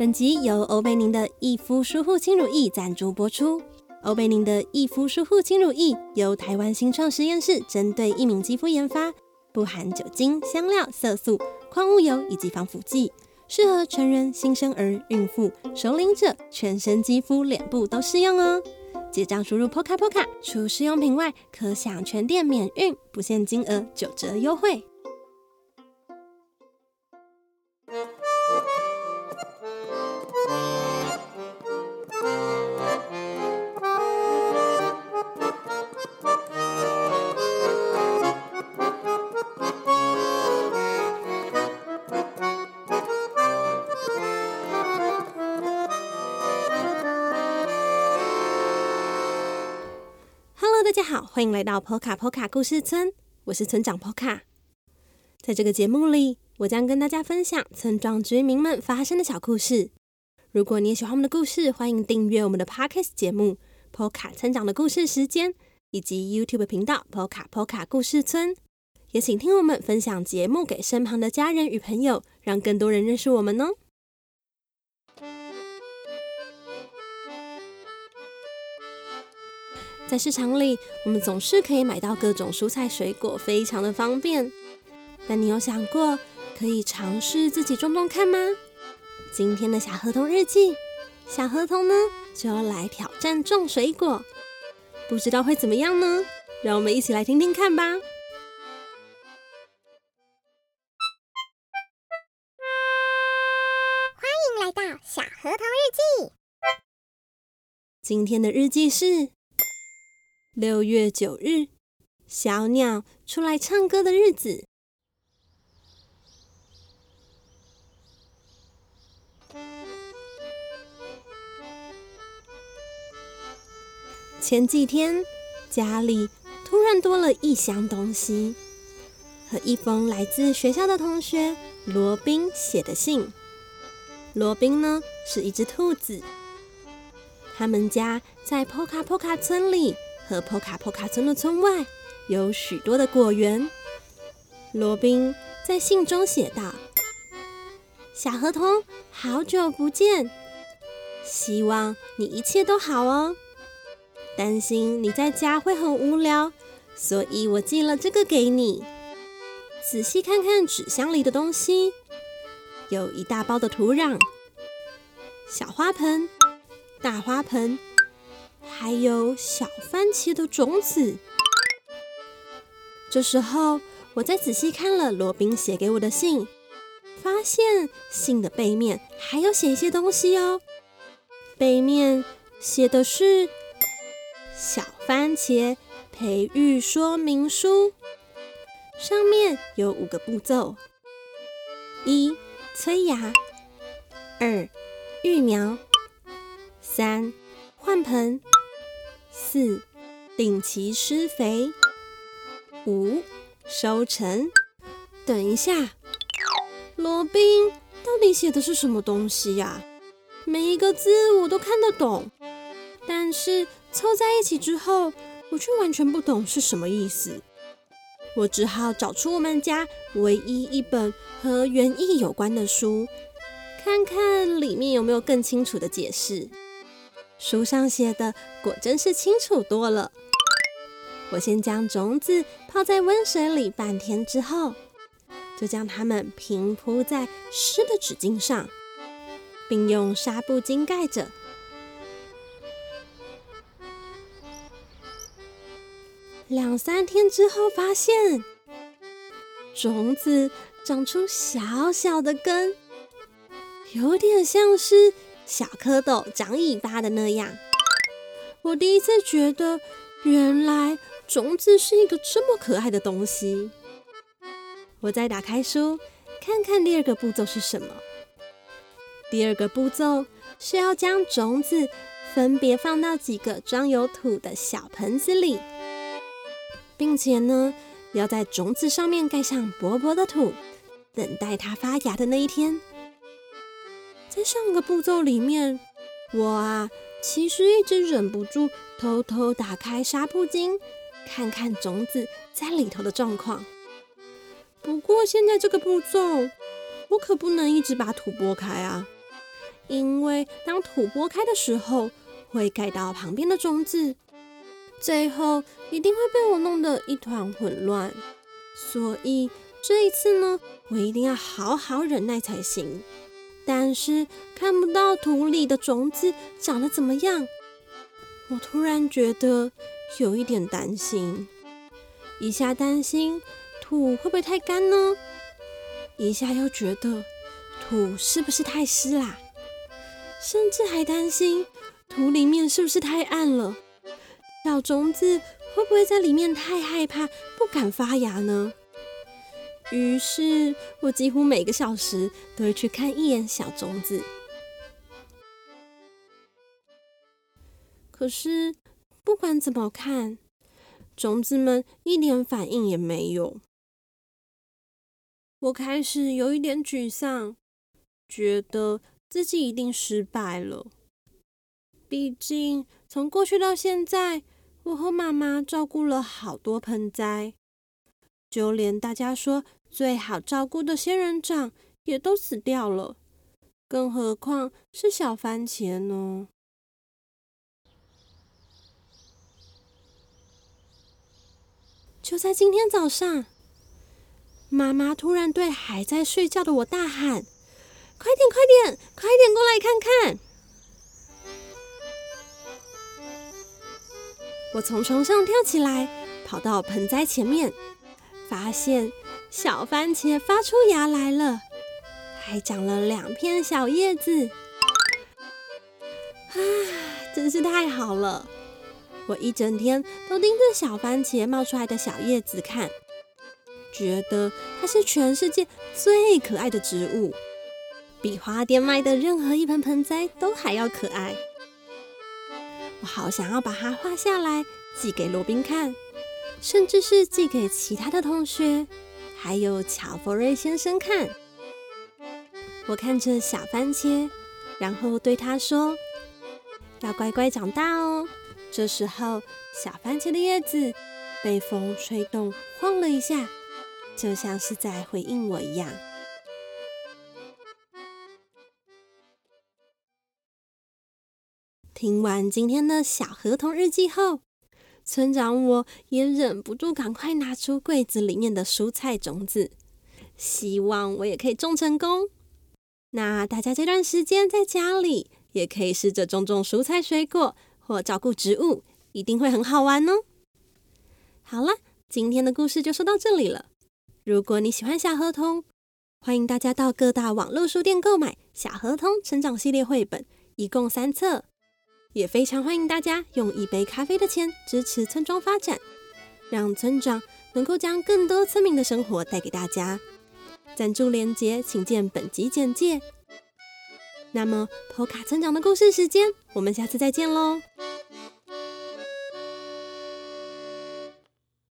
本集由歐貝寧的益膚舒護輕乳液贊助播出。歐貝寧的益膚舒護輕乳液由台灣新創實驗室針對異敏肌膚研發，不含酒精、香料、色素、礦物油以及防腐劑，適合成人、新生兒、孕婦、熟齡者、全身肌膚、臉部都適用哦。結賬輸入 pocapoca，除試用品外，可享全店免運，不限金額九折優惠。歡迎來到 Pocapoca 故事村，我是村長 Pocapoca。在這個節目裡，我將跟大家分享村莊居民們發生的小故事。如果你也喜歡我們的故事，歡迎訂閱我們的 Podcast 節目《Pocapoca 村長的故事時間》，以及 YouTube 頻道 Pocapoca 故事村。也請聽我們分享節目給身旁的家人與朋友，讓更多人認識我們哦。在市場裡，我們總是可以買到各種蔬菜水果，非常的方便。但你有想過可以嘗試自己種種看嗎？今天的小河童日記，小河童呢就要來挑戰種水果，不知道會怎麼樣呢？讓我們一起來聽聽看吧。歡迎來到小河童日記，今天的日記是。六月九日，小鳥出來唱歌的日子。前幾天，家裡突然多了一箱東西和一封來自學校的同學羅賓寫的信。羅賓呢，是一隻兔子，他們家在 Pocapoca 村裡。和坡卡坡卡村的村外有許多的果園。羅賓在信中寫道：“小河童，好久不見，希望你一切都好哦。擔心你在家會很無聊，所以我寄了這個給你。仔細看看紙箱裡的東西，有一大包的土壤，小花盆，大花盆。”還有小番茄的種子。這時候，我再仔細看了羅賓寫給我的信，發現信的背面還有寫一些東西哦。背面寫的是小番茄培育說明書，上面有五個步驟：一催芽，二育苗，三。換盆，四定期施肥，五收成。等一下羅賓，羅賓到底寫的是什麼東西呀、啊？每一個字我都看得懂，但是湊在一起之後，我卻完全不懂是什麼意思。我只好找出我們家唯一一本和園藝有關的書，看看裡面有沒有更清楚的解釋。書上寫的果真是清楚多了。我先將種子泡在溫水裡半天之後，就將它們平鋪在濕的紙巾上，並用紗布巾蓋着。兩三天之後，發現種子長出小小的根，有點像是。小蝌蚪長尾巴的那樣，我第一次覺得，原來種子是一個這麼可愛的東西。我再打開書，看看第二個步驟是什麼？第二個步驟是要將種子分別放到幾個裝有土的小盆子裡，並且呢，要在種子上面蓋上薄薄的土，等待它發芽的那一天。在上個步驟裡面，我啊其實一直忍不住偷偷打開紗布巾，看看種子在裡頭的狀況。不過現在這個步驟，我可不能一直把土撥開啊，因為當土撥開的時候，會蓋到旁邊的種子，最後一定會被我弄得一團混亂。所以這一次呢，我一定要好好忍耐才行。但是看不到土裡的種子長得怎麼樣，我突然覺得有一點擔心，一下擔心土會不會太乾呢，一下又覺得土是不是太濕啦，甚至還擔心土裡面是不是太暗了，小種子會不會在裡面太害怕，不敢發芽呢？於是我幾乎每個小時都會去看一眼小種子，可是不管怎麼看，種子們一點反應也沒有。我開始有一點沮喪，覺得自己一定失敗了。畢竟從過去到現在，我和媽媽照顧了好多盆栽，就連大家說最好照顧的仙人掌也都死掉了，更何況是小番茄呢？就在今天早上，媽媽突然對還在睡覺的我大喊：“快點，快點，快點過來看看！”我從床上跳起來，跑到盆栽前面，發現……小番茄發出芽來了，還長了兩片小葉子，啊，真是太好了！我一整天都盯着小番茄冒出來的小葉子看，覺得它是全世界最可愛的植物，比花店賣的任何一盆盆栽都還要可愛。我好想要把它畫下來，寄給羅賓看，甚至是寄給其他的同學。還有喬佛瑞先生看，我看着小番茄，然後對他說：“要乖乖長大哦。”這時候，小番茄的葉子被風吹動，晃了一下，就像是在回應我一樣。聽完今天的小河童日記後，村長，我也忍不住，趕快拿出櫃子裡面的蔬菜種子，希望我也可以種成功。那大家這段時間在家裡，也可以試着種種蔬菜、水果或照顧植物，一定會很好玩哦。好啦，今天的故事就說到這裡了。如果你喜歡小河童，歡迎大家到各大網絡書店購買《小河童成長系列》繪本，一共三冊。也非常歡迎大家用一杯咖啡的錢支持村莊發展，讓村長能夠將更多村民的生活帶給大家。贊助鏈接，請見本集簡介。那麼，Poca 村長的故事時間，我們下次再見嘍。